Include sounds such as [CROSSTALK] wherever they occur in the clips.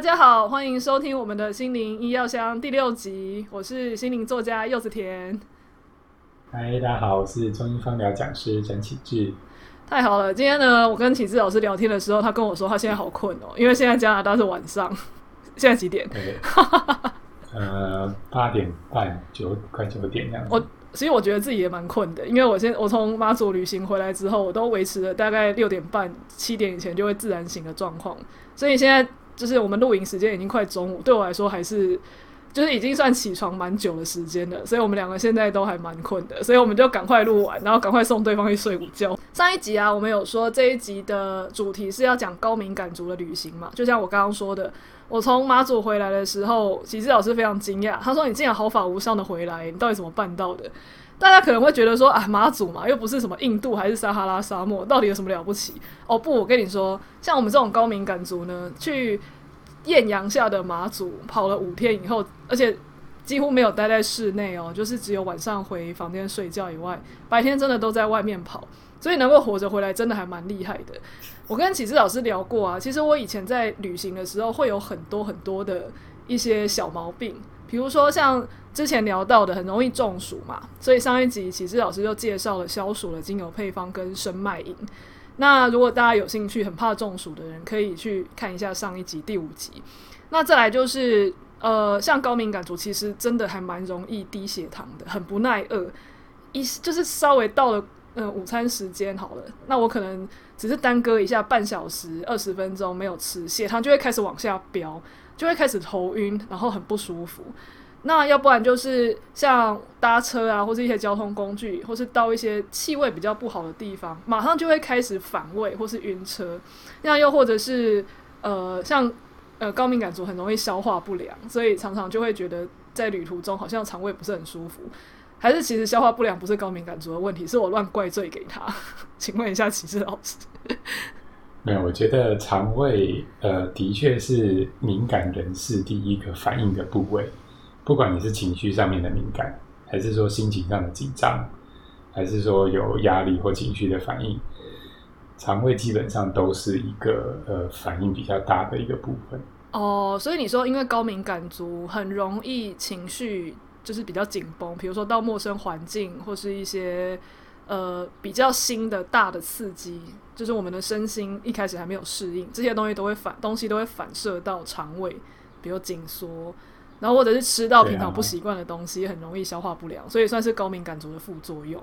大家好，歡迎收聽我們的《心靈醫藥箱》第六集，我是心靈作家柚子甜。嗨，大家好，我是中醫芳療講師陳啟志。智太好了，今天呢，我跟啟志老師聊天的時候，他跟我說他現在好困哦、喔，因為現在加拿大是晚上，現在幾點？對 [LAUGHS] 呃，八點半九快九點這樣子。我其實我覺得自己也蠻困的，因為我現我從馬祖旅行回來之後，我都維持了大概六點半七點以前就會自然醒的狀況，所以現在。就是我們露營時間已經快中午，對我來說還是就是已經算起床蠻久的時間了，所以我們兩個現在都還蠻困的，所以我們就趕快錄完，然後趕快送對方去睡午覺。上一集啊，我們有說這一集的主題是要講高敏感族的旅行嘛，就像我剛剛說的，我從馬祖回來的時候，啟志老師非常驚訝，他說：“你竟然毫髮無傷的回來，你到底怎麼辦到的？”大家可能會覺得說啊，馬祖嘛，又不是什麼印度還是撒哈拉沙漠，到底有什麼了不起？哦不，我跟你說，像我們這種高敏感族呢，去豔陽下的馬祖跑了五天以後，而且幾乎沒有待在室內哦，就是只有晚上回房間睡覺以外，白天真的都在外面跑，所以能夠活着回來，真的還蠻厲害的。我跟啟志老師聊過啊，其實我以前在旅行的時候，會有很多很多的一些小毛病。比如說像之前聊到的，很容易中暑嘛，所以上一集啟志老師就介紹了消暑的精油配方跟生脈飲。那如果大家有興趣，很怕中暑的人，可以去看一下上一集第五集。那再來就是，呃，像高敏感族，其實真的還蠻容易低血糖的，很不耐餓。一就是稍微到了嗯午餐時間好了，那我可能只是耽擱一下半小時、二十分鐘沒有吃，血糖就會開始往下飆。就會開始頭暈，然後很不舒服。那要不然就是像搭車啊，或是一些交通工具，或是到一些氣味比較不好的地方，馬上就會開始反胃或是暈車。那又或者是呃，像呃高敏感族很容易消化不良，所以常常就會覺得在旅途中好像腸胃不是很舒服。還是其實消化不良不是高敏感族的問題，是我亂怪罪給他。 [LAUGHS] 請問一下，啟志老師？沒有，我覺得腸胃呃的確是敏感人士第一個反應的部位，不管你是情緒上面的敏感，還是說心情上的緊張，還是說有壓力或情緒的反應，腸胃基本上都是一個呃反應比較大的一個部分。哦，所以你說，因為高敏感族很容易情緒就是比較緊繃，比如說到陌生環境或是一些。呃，比較新的大的刺激，就是我們的身心一開始還沒有適應，這些東西都會反，東西都會反射到腸胃，比如緊縮，然後或者是吃到平常不習慣的東西，啊、很容易消化不了，所以算是高敏感族的副作用。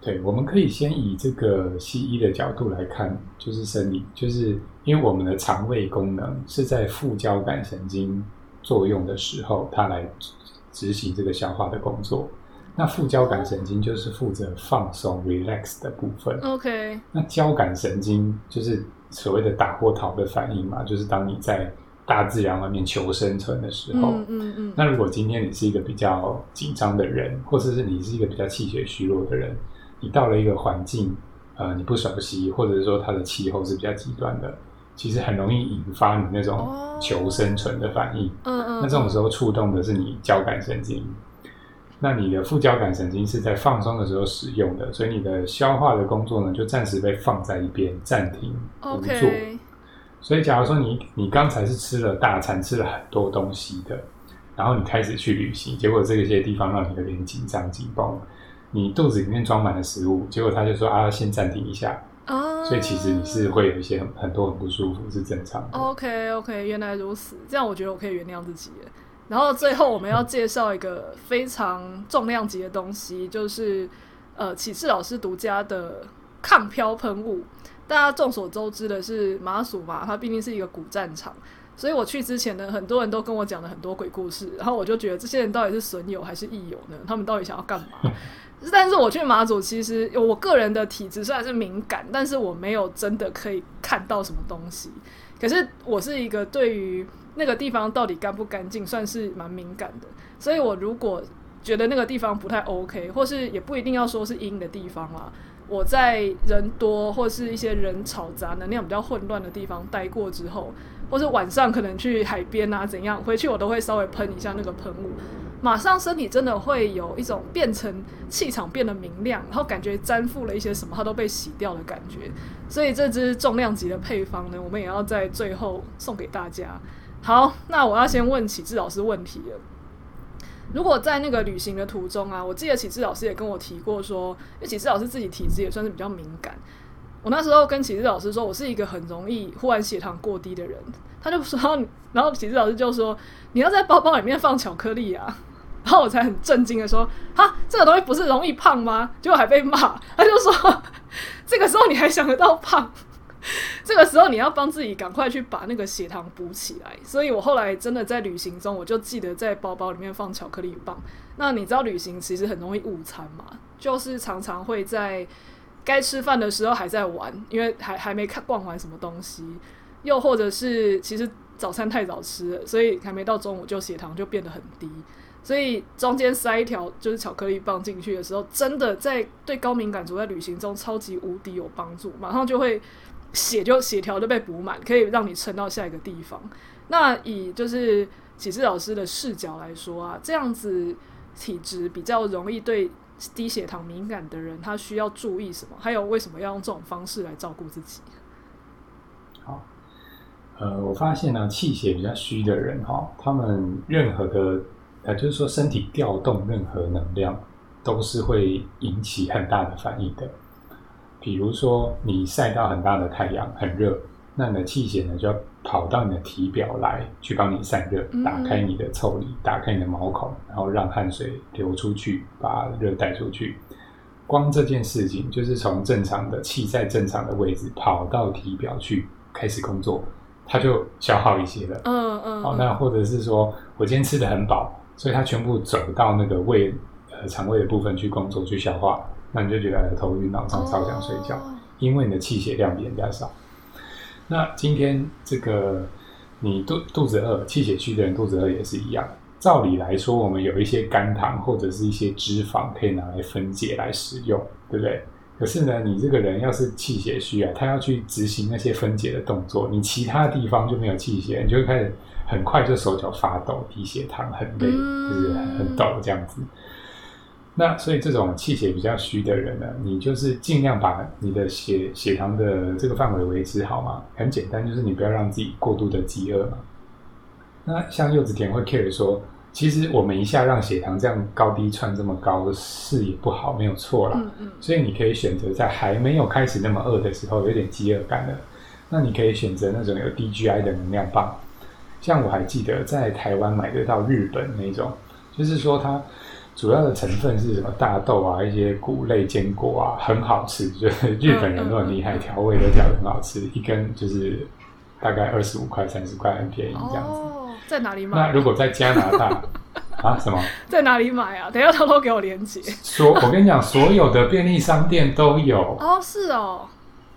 對，我們可以先以這個西醫的角度來看，就是生理，就是因為我們的腸胃功能是在副交感神經作用的時候，它來執行這個消化的工作。那副交感神經就是負責放鬆、relax 的部分。OK。那交感神經就是所謂的打或逃的反應嘛，就是當你在大自然外面求生存的時候。嗯嗯。嗯嗯那如果今天你是一個比較緊張的人，或者是你是一個比較氣血虛弱的人，你到了一個環境，呃，你不熟悉，或者是說它的氣候是比較極端的，其實很容易引發你那種求生存的反應。嗯嗯。嗯那這種時候觸動的是你交感神經。那你的副交感神經是在放鬆的時候使用的，所以你的消化的工作呢，就暫時被放在一邊，暫停不做。Okay. 所以假如說你你剛才是吃了大餐，吃了很多東西的，然後你開始去旅行，結果這些地方讓你有點緊張緊繃，你肚子裡面裝滿了食物，結果他就說啊，先暫停一下、uh、所以其實你是會有一些很，很多很不舒服是正常的。OK OK，原來如此，這樣我覺得我可以原諒自己了。然後最後我們要介紹一個非常重量級的東西，就是呃啟志老師獨家的抗飄噴霧。大家眾所周知的是馬祖嘛，它畢竟是一個古戰場，所以我去之前呢，很多人都跟我講了很多鬼故事。然後我就覺得這些人到底是損友還是益友呢？他們到底想要幹嘛？但是我去馬祖，其實我個人的體質雖然是敏感，但是我沒有真的可以看到什麼東西。可是我是一個對於那個地方到底乾不乾淨，算是蠻敏感的。所以我如果覺得那個地方不太 OK，或是也不一定要說是陰的地方啦，啊，我在人多或者是一些人吵雜、能量比較混亂的地方待過之後，或是晚上可能去海邊啊怎樣，回去我都會稍微噴一下那個噴霧，馬上身體真的會有一種變成氣場變得明亮，然後感覺沾附了一些什麼，它都被洗掉的感覺。所以這支重量級的配方呢，我們也要在最後送給大家。好，那我要先問啟志老師問題了。如果在那個旅行的途中啊，我記得啟志老師也跟我提過說，因為啟志老師自己體質也算是比較敏感。我那時候跟啟志老師說，我是一個很容易忽然血糖過低的人。他就說，然後啟志老師就說，你要在包包裡面放巧克力啊。然後我才很震驚的說，哈，這個東西不是容易胖嗎？結果還被罵。他就說呵呵，這個時候你還想得到胖？這個時候你要幫自己趕快去把那個血糖補起來，所以我後來真的在旅行中，我就記得在包包裡面放巧克力棒。那你知道旅行其實很容易誤餐嘛？就是常常會在該吃飯的時候還在玩，因為還還沒看逛完什麼東西，又或者是其實早餐太早吃了，所以還沒到中午就血糖就變得很低。所以中間塞一條就是巧克力棒進去的時候，真的在對高敏感族在旅行中超級無敵有幫助，馬上就會。血就血條都被補滿，可以讓你撐到下一個地方。那以就是啟志老師的視角來說啊，這樣子體質比較容易對低血糖敏感的人，他需要注意什麼？還有為什麼要用這種方式來照顧自己？好，呃，我發現呢、啊，氣血比較虛的人哈、哦，他們任何的，呃，就是說身體調動任何能量，都是會引起很大的反應的。比如說，你曬到很大的太陽，很熱，那你的氣血呢，就要跑到你的體表來，去幫你散熱，打開你的腠理，打開你的毛孔，然後讓汗水流出去，把熱帶出去。光這件事情，就是從正常的氣在正常的位置跑到體表去開始工作，它就消耗一些了。嗯嗯。好，那或者是說我今天吃得很飽，所以它全部走到那個胃呃腸胃的部分去工作，去消化。那你就覺得頭暈腦脹，超想睡覺，oh. 因為你的氣血量比人家少。那今天這個你肚肚子餓，氣血虛的人肚子餓也是一樣。照理來說，我們有一些肝糖或者是一些脂肪可以拿來分解來使用，對不對？可是呢，你這個人要是氣血虛啊，他要去執行那些分解的動作，你其他地方就沒有氣血，你就會開始很快就手腳發抖，低血糖很累，就是很抖這樣子。Mm. 那所以這種氣血比較虛的人呢，你就是盡量把你的血血糖的這個範圍維持好嘛。很簡單，就是你不要讓自己過度的飢餓嘛。那像柚子甜會 care 說，其實我們一下讓血糖這樣高低竄這麼高的事也不好，沒有錯啦。嗯嗯。所以你可以選擇在還沒有開始那麼餓的時候，有點飢餓感的，那你可以選擇那種有低 GI 的能量棒。像我還記得在台灣買得到日本那種，就是說它。主要的成分是什麼？大豆啊，一些谷類堅果啊，很好吃，就是日本人都很厲害，調味都調的調很好吃。一根就是大概二十五塊、三十塊很便宜這樣子。哦，在哪裡買？那如果在加拿大 [LAUGHS] 啊？什麼？在哪裡買啊？等一下偷偷給我連接。所，我跟你講，所有的便利商店都有。哦，是哦。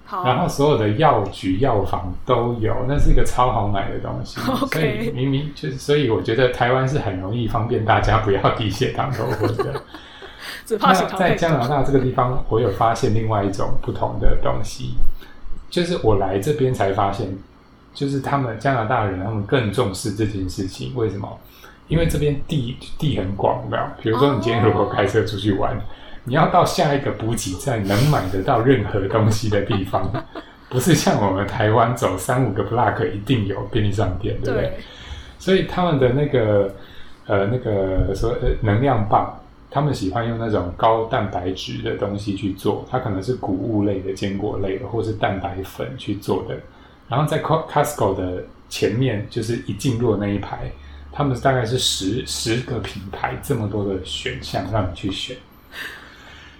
好然後所有的藥局、藥房都有，那是一個超好買的東西。Okay 所以明明就是，所以我覺得台灣是很容易方便大家不要低血糖頭昏的。 [LAUGHS] 洗糖，那在加拿大這個地方，我有發現另外一種不同的東西， [LAUGHS] 就是我來這邊才發現，就是他們加拿大人他們更重視這件事情。為什麼？因為這邊地地很廣，對吧？比如說你今天如果開車出去玩。Oh. 你要到下一個補給站能買得到任何東西的地方， [LAUGHS] 不是像我們台灣走三五個 block 一定有便利商店，對，對不對？所以他們的那個呃那個說呃能量棒，他們喜歡用那種高蛋白質的東西去做，它可能是穀物類的、堅果類的或是蛋白粉去做的。然後在 Costco 的前面就是一進入那一排，他們大概是十十個品牌這麼多的選項讓你去選。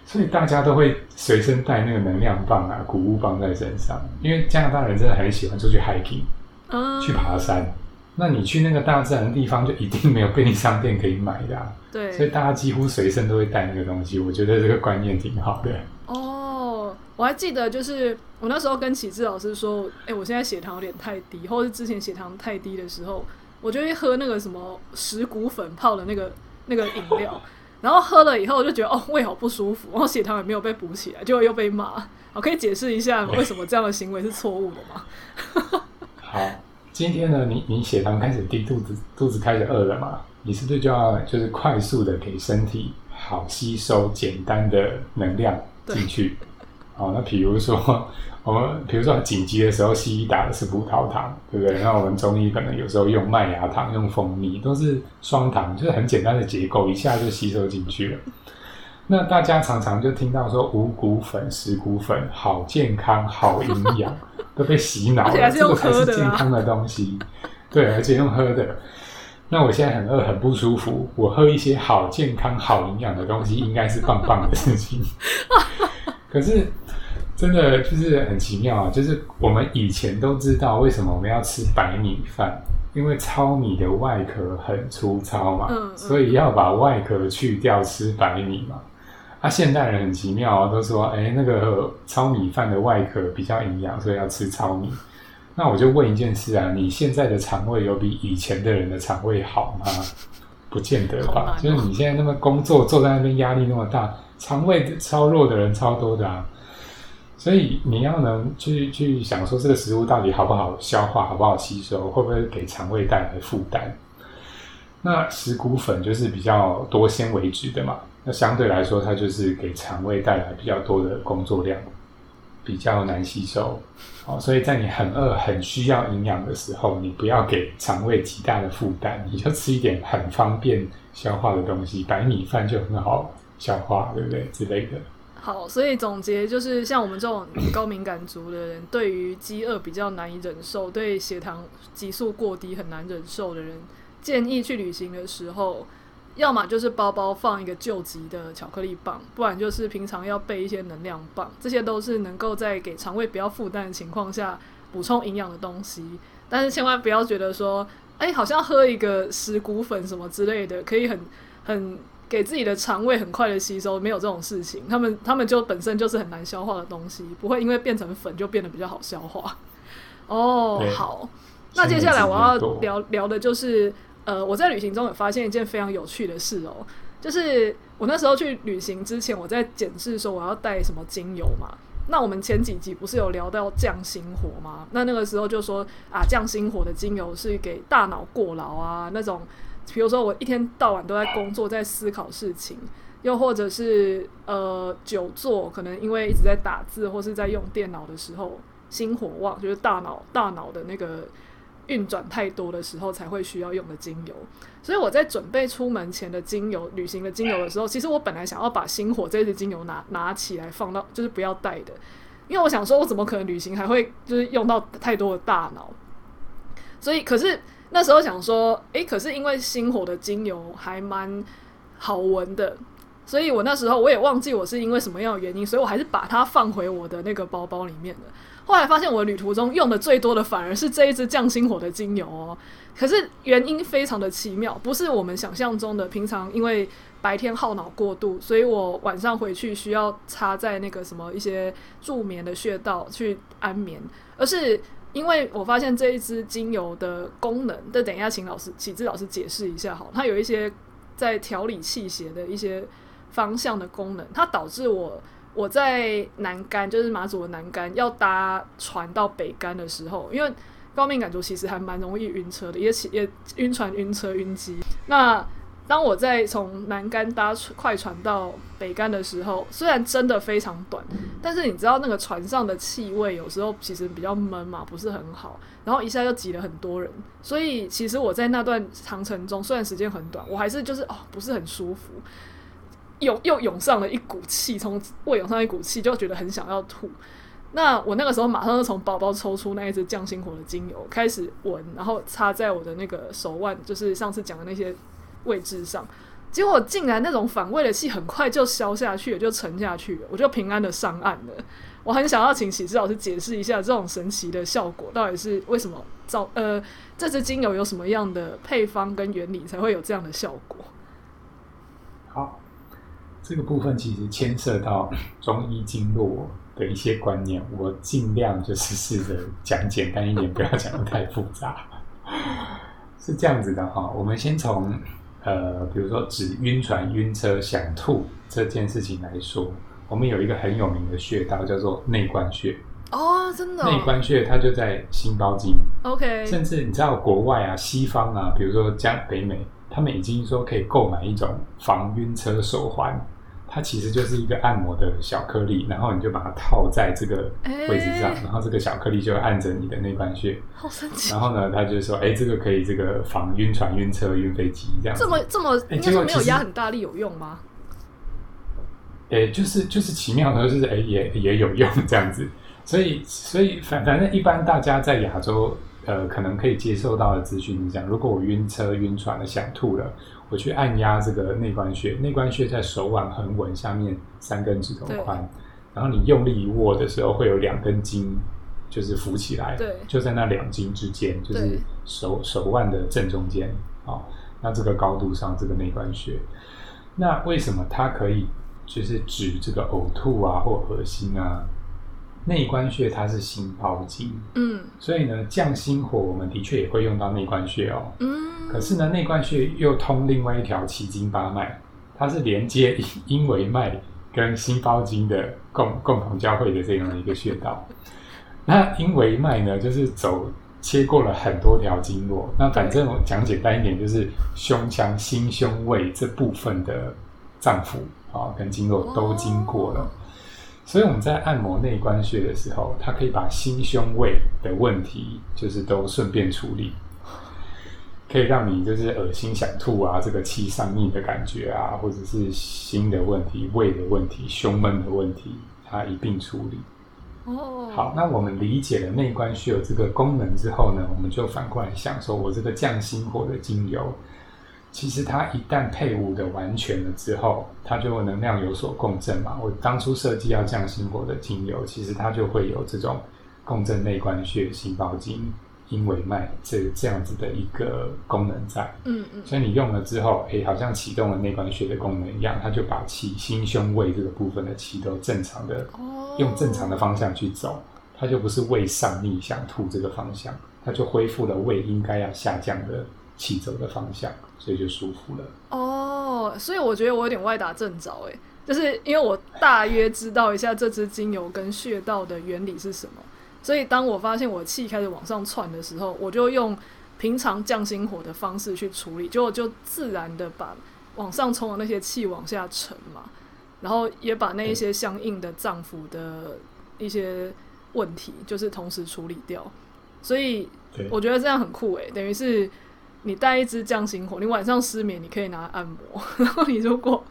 所以大家都會隨身帶那個能量棒啊、穀物棒在身上，因為加拿大人真的很喜歡出去 hiking，、嗯、去爬山。那你去那個大自然的地方，就一定沒有便利商店可以買的、啊。對，所以大家幾乎隨身都會帶那個東西。我覺得這個觀念挺好的。哦，oh, 我還記得，就是我那時候跟啟志老師說，哎、欸，我現在血糖有點太低，或者之前血糖太低的時候，我就會喝那個什麼石谷粉泡的那個那個飲料。 [LAUGHS] 然後喝了以後就覺得哦胃好不舒服，然後血糖也沒有被補起來，就又被罵。我可以解釋一下為什麼這樣的行為是錯誤的嗎？欸、 [LAUGHS] 好，今天呢，你你血糖開始低，肚子肚子開始餓了嘛？你是不是就要就是快速地給身體好吸收簡單的能量進去？對好，那比如說。我們比如說很緊急的時候，西醫打的是葡萄糖，對不對？那我們中醫可能有時候用麥芽糖、用蜂蜜，都是雙糖，就是很簡單的結構，一下就吸收進去了。那大家常常就聽到說五穀粉、十穀粉好健康、好營養， [LAUGHS] 都被洗腦了，啊、這個才是健康的東西。對，而且用喝的。那我現在很餓、很不舒服，我喝一些好健康、好營養的東西，應該是棒棒的事情。 [LAUGHS] 可是。真的就是很奇妙啊！就是我們以前都知道為什麼我們要吃白米飯，因為糙米的外殼很粗糙嘛，嗯嗯、所以要把外殼去掉吃白米嘛。啊，現代人很奇妙啊，都說誒、欸，那個糙米飯的外殼比較營養，所以要吃糙米。那我就問一件事啊，你現在的腸胃有比以前的人的腸胃好嗎？不見得吧，就是你現在那麼工作坐在那邊壓力那麼大，腸胃超弱的人超多的啊。所以你要能去去想說這個食物到底好不好消化，好不好吸收，會不會給腸胃帶來負擔？那十穀粉就是比較多纖維質的嘛，那相對來說它就是給腸胃帶來比較多的工作量，比較難吸收。哦，所以在你很餓、很需要營養的時候，你不要給腸胃極大的負擔，你就吃一點很方便消化的東西，白米飯就很好消化，對不對？之類的。好，所以總結就是，像我們這種高敏感族的人，對於飢餓比較難以忍受，對血糖急速過低很難忍受的人，建議去旅行的時候，要麼就是包包放一個救急的巧克力棒，不然就是平常要備一些能量棒，這些都是能夠在給腸胃比較負擔的情況下補充營養的東西。但是千萬不要覺得說，哎、欸，好像喝一個十穀粉什麼之類的，可以很很。給自己的腸胃很快的吸收，沒有這種事情。他們他們就本身就是很難消化的東西，不會因為變成粉就變得比較好消化。哦、oh, 欸，好，那接下來我要聊聊的就是，呃，我在旅行中有發現一件非常有趣的事哦，就是我那時候去旅行之前，我在檢視說我要帶什麼精油嘛。那我們前幾集不是有聊到降心火嗎？那那個時候就說啊，降心火的精油是給大腦過勞啊那種。比如說，我一天到晚都在工作，在思考事情，又或者是呃久坐，可能因為一直在打字或是在用電腦的時候，心火旺，就是大腦大腦的那個運轉太多的時候才會需要用的精油。所以我在準備出門前的精油，旅行的精油的時候，其實我本來想要把心火這支精油拿拿起來放到，就是不要帶的，因為我想說，我怎麼可能旅行還會就是用到太多的大腦？所以可是。那時候想說，誒、欸，可是因為心火的精油還蠻好聞的，所以我那時候我也忘記我是因為什麼樣的原因，所以我還是把它放回我的那個包包裡面的。後來發現我的旅途中用的最多的反而是這一支降心火的精油哦，可是原因非常的奇妙，不是我們想象中的平常因為白天耗腦過度，所以我晚上回去需要插在那個什麼一些助眠的穴道去安眠，而是。因為我發現這一支精油的功能，但等一下請老師啟志老師解釋一下好。它有一些在調理氣血的一些方向的功能，它導致我我在南竿，就是馬祖的南竿要搭船到北竿的時候，因為高敏感族其實還蠻容易暈車的，也起也暈船、暈車、暈機。那當我在從南竿搭快船到北竿的時候，雖然真的非常短，但是你知道那個船上的氣味有時候其實比較悶嘛，不是很好。然後一下就擠了很多人，所以其實我在那段長程中，雖然時間很短，我還是就是哦不是很舒服，湧又湧上了一股氣，從胃湧上一股氣，就覺得很想要吐。那我那個時候馬上就從包包抽出那一支降心火的精油，開始聞，然後擦在我的那個手腕，就是上次講的那些。位置上，結果竟然那種反胃的氣很快就消下去了，就沉下去了，我就平安的上岸了。我很想要請啟志老師解釋一下這種神奇的效果到底是為什麼造？造呃，這支精油有什麼樣的配方跟原理才會有這樣的效果？好，這個部分其實牽涉到中醫經絡的一些觀念，我儘量就是試着講簡單一點， [LAUGHS] 不要講得太複雜。是這樣子的哈、哦，我們先從。呃，比如說，指暈船、暈車、想吐這件事情來說，我們有一個很有名的穴道叫做內關穴。哦，oh, 真的，內關穴它就在心包經。OK，甚至你知道國外啊，西方啊，比如說像北美，他們已經說可以購買一種防暈車手環。它其實就是一個按摩的小顆粒，然後你就把它套在這個位置上，欸、然後這個小顆粒就按着你的內關穴。好神奇！然後呢，他就說：“哎、欸，這個可以這個防暈船、暈車、暈飛機這樣子。”子這麼這麼，因為麼沒有壓很大力，有用嗎？哎、欸，就是就是奇妙的是，哎、欸，也也有用這樣子。所以所以反反正一般大家在亞洲，呃，可能可以接受到的資訊是這樣：如果我暈車、暈船了，想吐了。我去按壓這個內關穴，內關穴在手腕橫紋下面三根指頭寬，對然後你用力一握的時候，會有兩根筋就是浮起來，對就在那兩筋之間，就是手對手腕的正中間好，哦，那這個高度上這個內關穴，那為什麼它可以就是止這個嘔吐啊或惡心啊？內關穴它是心包經，嗯，所以呢降心火，我們的確也會用到內關穴哦，嗯，可是呢內關穴又通另外一條奇經八脈，它是連接陰維脈跟心包經的共共同交匯的這樣的一個穴道。嗯、那陰維脈呢，就是走切過了很多條經絡，嗯、那反正我講簡單一點，就是胸腔心胸胃這部分的臟腑啊，跟經絡都經過了。哦所以我們在按摩內關穴的時候，它可以把心胸胃的問題，就是都順便處理，可以讓你就是惡心想吐啊，這個氣上逆的感覺啊，或者是心的問題、胃的問題、胸悶的問題，它一併處理。哦，好，那我們理解了內關穴有這個功能之後呢，我們就反過來想說，說我這個降心火的精油。其實它一旦配伍的完全了之後，它就能量有所共振嘛。我當初設計要降心火的精油，其實它就會有這種共振內關穴、心包經、陰維脈這這樣子的一個功能在。嗯嗯。嗯，所以你用了之後，哎、欸，好像啟動了內關穴的功能一樣，它就把氣心胸胃這個部分的氣都正常的，用正常的方向去走，哦、它就不是胃上逆想吐這個方向，它就恢復了胃應該要下降的氣走的方向。所以就舒服了哦，oh, 所以我覺得我有點歪打正著誒，就是因為我大約知道一下這支精油跟穴道的原理是什麼，所以當我發現我氣開始往上竄的時候，我就用平常降心火的方式去處理，就就自然的把往上衝的那些氣往下沉嘛，然後也把那一些相應的臟腑的一些問題，就是同時處理掉，所以我覺得這樣很酷誒，對等於是。你帶一支降心火，你晚上失眠，你可以拿來按摩。然後你如果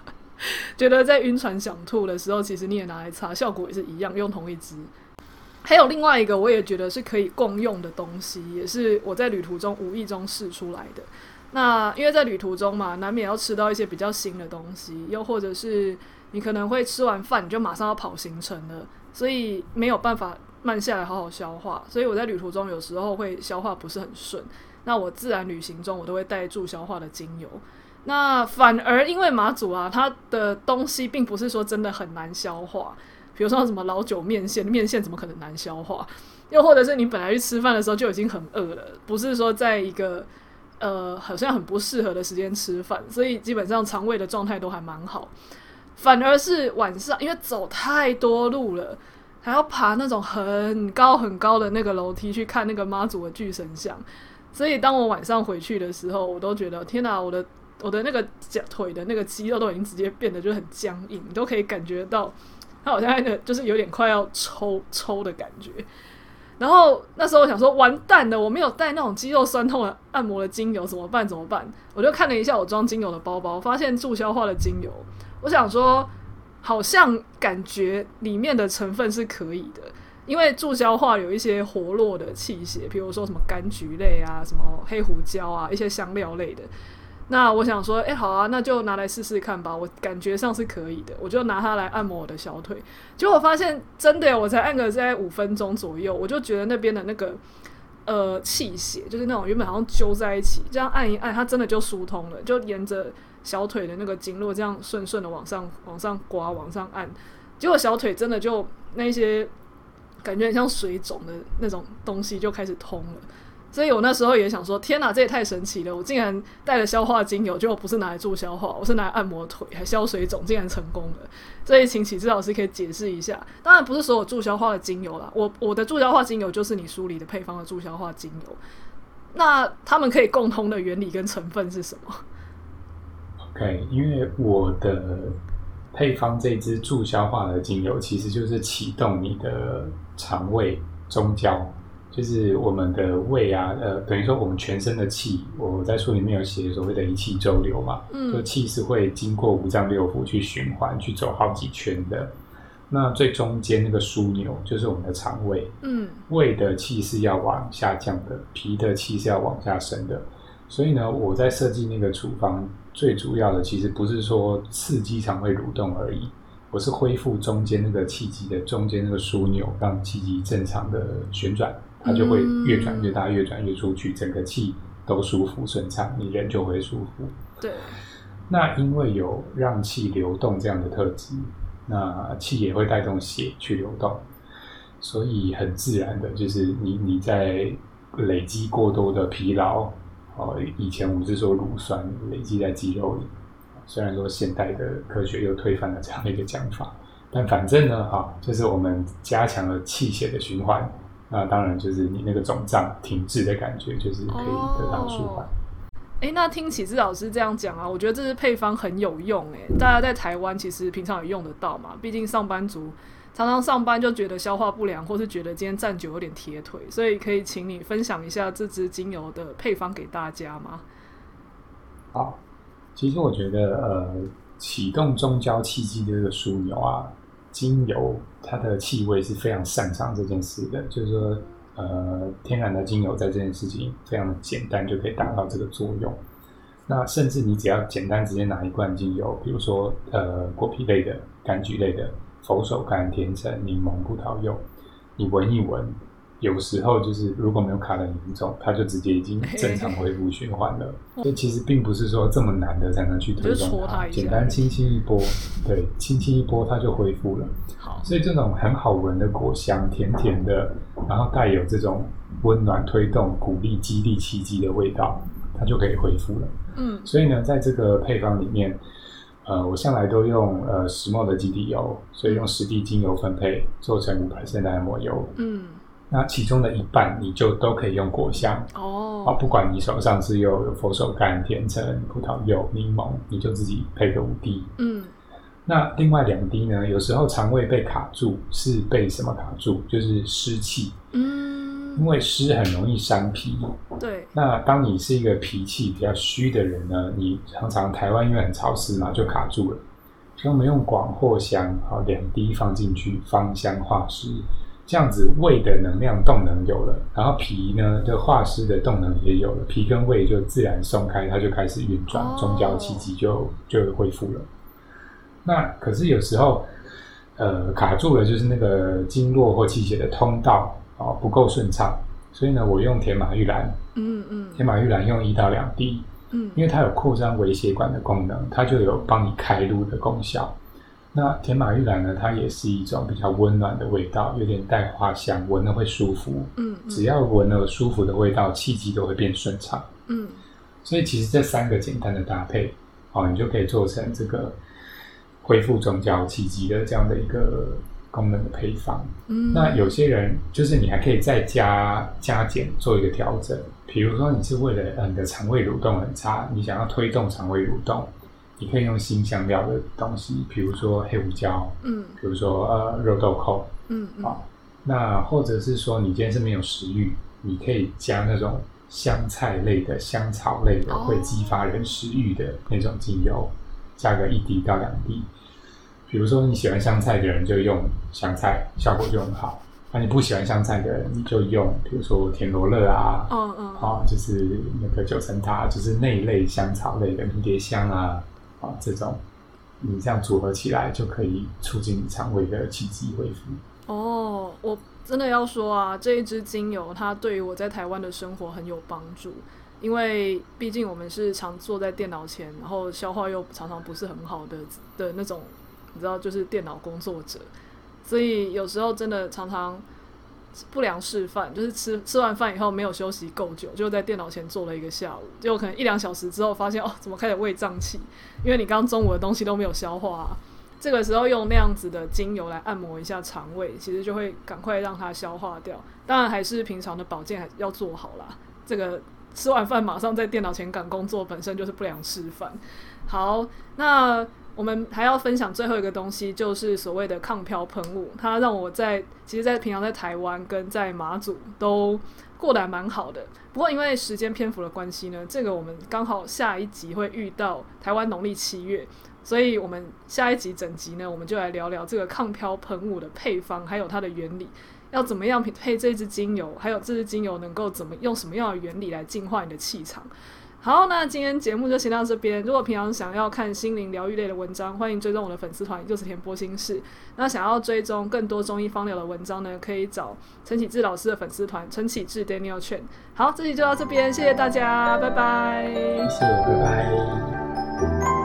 覺得在暈船想吐的時候，其實你也拿來擦，效果也是一樣，用同一支。還有另外一個，我也覺得是可以共用的東西，也是我在旅途中無意中試出來的。那因為在旅途中嘛，難免要吃到一些比較新的東西，又或者是你可能會吃完飯你就馬上要跑行程了，所以沒有辦法慢下來好好消化。所以我在旅途中有時候會消化不是很順。那我自然旅行中，我都會帶助消化的精油。那反而因為媽祖啊，它的東西並不是說真的很難消化。比如說什麼老酒麵線，麵線怎麼可能難消化？又或者是你本來去吃飯的時候就已經很餓了，不是說在一個呃好像很不適合的時間吃飯，所以基本上腸胃的狀態都還蠻好。反而是晚上，因為走太多路了，還要爬那種很高很高的那個樓梯去看那個媽祖的巨神像。所以，當我晚上回去的時候，我都覺得天哪，我的我的那個腳腿的那個肌肉都已經直接變得就很僵硬，你都可以感覺到它好像就是有點快要抽抽的感覺。然後那時候我想說，完蛋了，我沒有帶那種肌肉酸痛的按摩的精油，怎麼辦？怎麼辦？我就看了一下我裝精油的包包，發現助消化的精油，我想說好像感覺裡面的成分是可以的。因為助消化有一些活絡的氣血，比如說什麼柑橘類啊，什麼黑胡椒啊，一些香料類的。那我想說，哎、欸，好啊，那就拿來試試看吧。我感覺上是可以的，我就拿它來按摩我的小腿。結果我發現真的，我才按個在五分鐘左右，我就覺得那邊的那個呃氣血，就是那種原本好像揪在一起，這樣按一按，它真的就疏通了，就沿着小腿的那個經絡這樣順順的往上，往上刮，往上按，結果小腿真的就那些。感覺很像水腫的那種東西就開始通了，所以我那時候也想說，天哪、啊，這也太神奇了！我竟然帶了消化精油，就不是拿來助消化，我是拿來按摩腿，還消水腫，竟然成功了。所以，請啟志老師可以解釋一下。當然，不是所有助消化的精油啦，我我的助消化精油就是你書裡的配方的助消化精油。那他們可以共通的原理跟成分是什麼？OK，因為我的。配方這一支助消化的精油，其實就是啟動你的腸胃中焦，就是我們的胃啊，呃，等於說我們全身的氣，我在書裡面有寫所謂的“一氣周流”嘛，嗯，就氣是會經過五臟六腑去循環，去走好幾圈的。那最中間那個樞紐就是我們的腸胃，嗯，胃的氣是要往下降的，脾的氣是要往下升的，所以呢，我在設計那個處方。最主要的其實不是說刺激腸胃蠕動而已，我是恢復中間那個氣機的中間那個樞紐，讓氣機正常的旋轉，它就會越轉越大，嗯、越轉越出去，整個氣都舒服順暢，你人就會舒服。對。那因為有讓氣流動這樣的特質，那氣也會帶動血去流動，所以很自然的就是你你在累積過多的疲勞。哦，以前我們是說乳酸累積在肌肉裡，雖然說現代的科學又推翻了這樣的一個講法，但反正呢，哈、哦，就是我們加強了氣血的循環，那當然就是你那個腫脹停滯的感覺，就是可以得到舒緩。誒、哦欸，那聽啟志老師這樣講啊，我覺得這是配方很有用誒、欸，大家在台灣其實平常也用得到嘛，畢竟上班族。常常上班就覺得消化不良，或是覺得今天站久有點鐵腿，所以可以請你分享一下這支精油的配方給大家嗎？好，其實我覺得，呃，啟動中焦氣機的這個樞紐啊，精油它的氣味是非常擅長這件事的。就是說，呃，天然的精油在這件事情非常簡單就可以達到這個作用。那甚至你只要簡單直接拿一罐精油，比如說，呃，果皮類的、柑橘類的。佛手柑、甜橙、檸檬、葡萄柚，你聞一聞，有時候就是如果沒有卡的嚴重，它就直接已經正常恢復循環了。嘿嘿，所以其實並不是說這麼難的才能去推動它，簡單輕輕一撥，對，輕輕一撥它就恢復了。好，所以這種很好聞的果香、甜甜的，然後帶有這種溫暖、推動、鼓勵、激勵氣機的味道，它就可以恢復了。嗯，所以呢，在這個配方裡面。呃，我向來都用呃石墨的基底油，所以用十滴精油分配做成五百升的按摩油。嗯，那其中的一半你就都可以用果香哦，啊，不管你手上是有，有佛手柑、甜橙、葡萄柚、檸檬，你就自己配個五滴。嗯，那另外兩滴呢？有時候腸胃被卡住是被什麼卡住？就是濕氣。嗯。因為濕很容易傷脾，對。那當你是一個脾氣比較虛的人呢，你常常台灣因為很潮濕嘛，就卡住了。所以我們用廣藿香，好兩滴放進去，芳香化濕，這樣子胃的能量動能有了，然後脾呢的化濕的動能也有了，脾跟胃就自然鬆開，它就開始運轉，中焦氣機就就恢復了。對。那可是有時候，呃，卡住了就是那個經絡或氣血的通道。不夠順暢，所以呢，我用甜馬鬱蘭，嗯嗯，甜馬鬱蘭用一到兩滴，嗯，因為它有擴張微血管的功能，它就有幫你開路的功效。那甜馬鬱蘭呢，它也是一種比較溫暖的味道，有點帶花香，聞了會舒服，嗯，只要聞了舒服的味道，氣機都會變順暢，嗯，所以其實這三個簡單的搭配，好，你就可以做成這個恢復中焦氣機的這樣的一個。功能的配方，嗯、那有些人就是你還可以再加加減做一個調整。比如說，你是為了你的腸胃蠕動很差，你想要推動腸胃蠕動，你可以用辛香料的東西，比如說黑胡椒，嗯，比如說呃肉豆蔻，嗯好、嗯哦、那或者是說，你今天是沒有食欲，你可以加那種香菜類的、香草類的，會激發人食欲的那種精油，哦、加個一滴到兩滴。比如說你喜歡香菜的人就用香菜，效果就很好。那你不喜歡香菜的人，你就用，比如說甜羅勒啊，嗯嗯，好、啊，就是那個九層塔，就是那一類香草類的，迷迭香啊，啊，這種你這樣組合起來就可以促進你腸胃的氣機恢復。哦，我真的要說啊，這一支精油它對於我在台灣的生活很有幫助，因為畢竟我們是常坐在電腦前，然後消化又常常不是很好的的那種。你知道，就是電腦工作者，所以有時候真的常常不良示範，就是吃吃完飯以後沒有休息夠久，就在電腦前坐了一個下午，就可能一兩小時之後發現哦，怎麼開始胃脹氣？因為你剛中午的東西都沒有消化啊，這個時候用那樣子的精油來按摩一下腸胃，其實就會趕快讓它消化掉。當然，還是平常的保健還要做好啦。這個吃完飯馬上在電腦前趕工作，本身就是不良示範。好，那。我們還要分享最後一個東西，就是所謂的抗飄噴霧。它讓我在其實，在平常在台灣跟在馬祖都過得還蠻好的。不過因為時間篇幅的關係呢，這個我們剛好下一集會遇到台灣農曆七月，所以我們下一集整集呢，我們就來聊聊這個抗飄噴霧的配方，還有它的原理，要怎麼樣配這支精油，還有這支精油能夠怎麼用什麼樣的原理來淨化你的氣場。好，那今天節目就先到這邊。如果平常想要看心靈療癒類的文章，歡迎追蹤我的粉絲團，就是甜剝心事。那想要追蹤更多中醫芳療的文章呢，可以找陳啟志老師的粉絲團，陳啟志 Daniel Chen。好，這期就到這邊，謝謝大家，拜拜。謝謝，拜拜。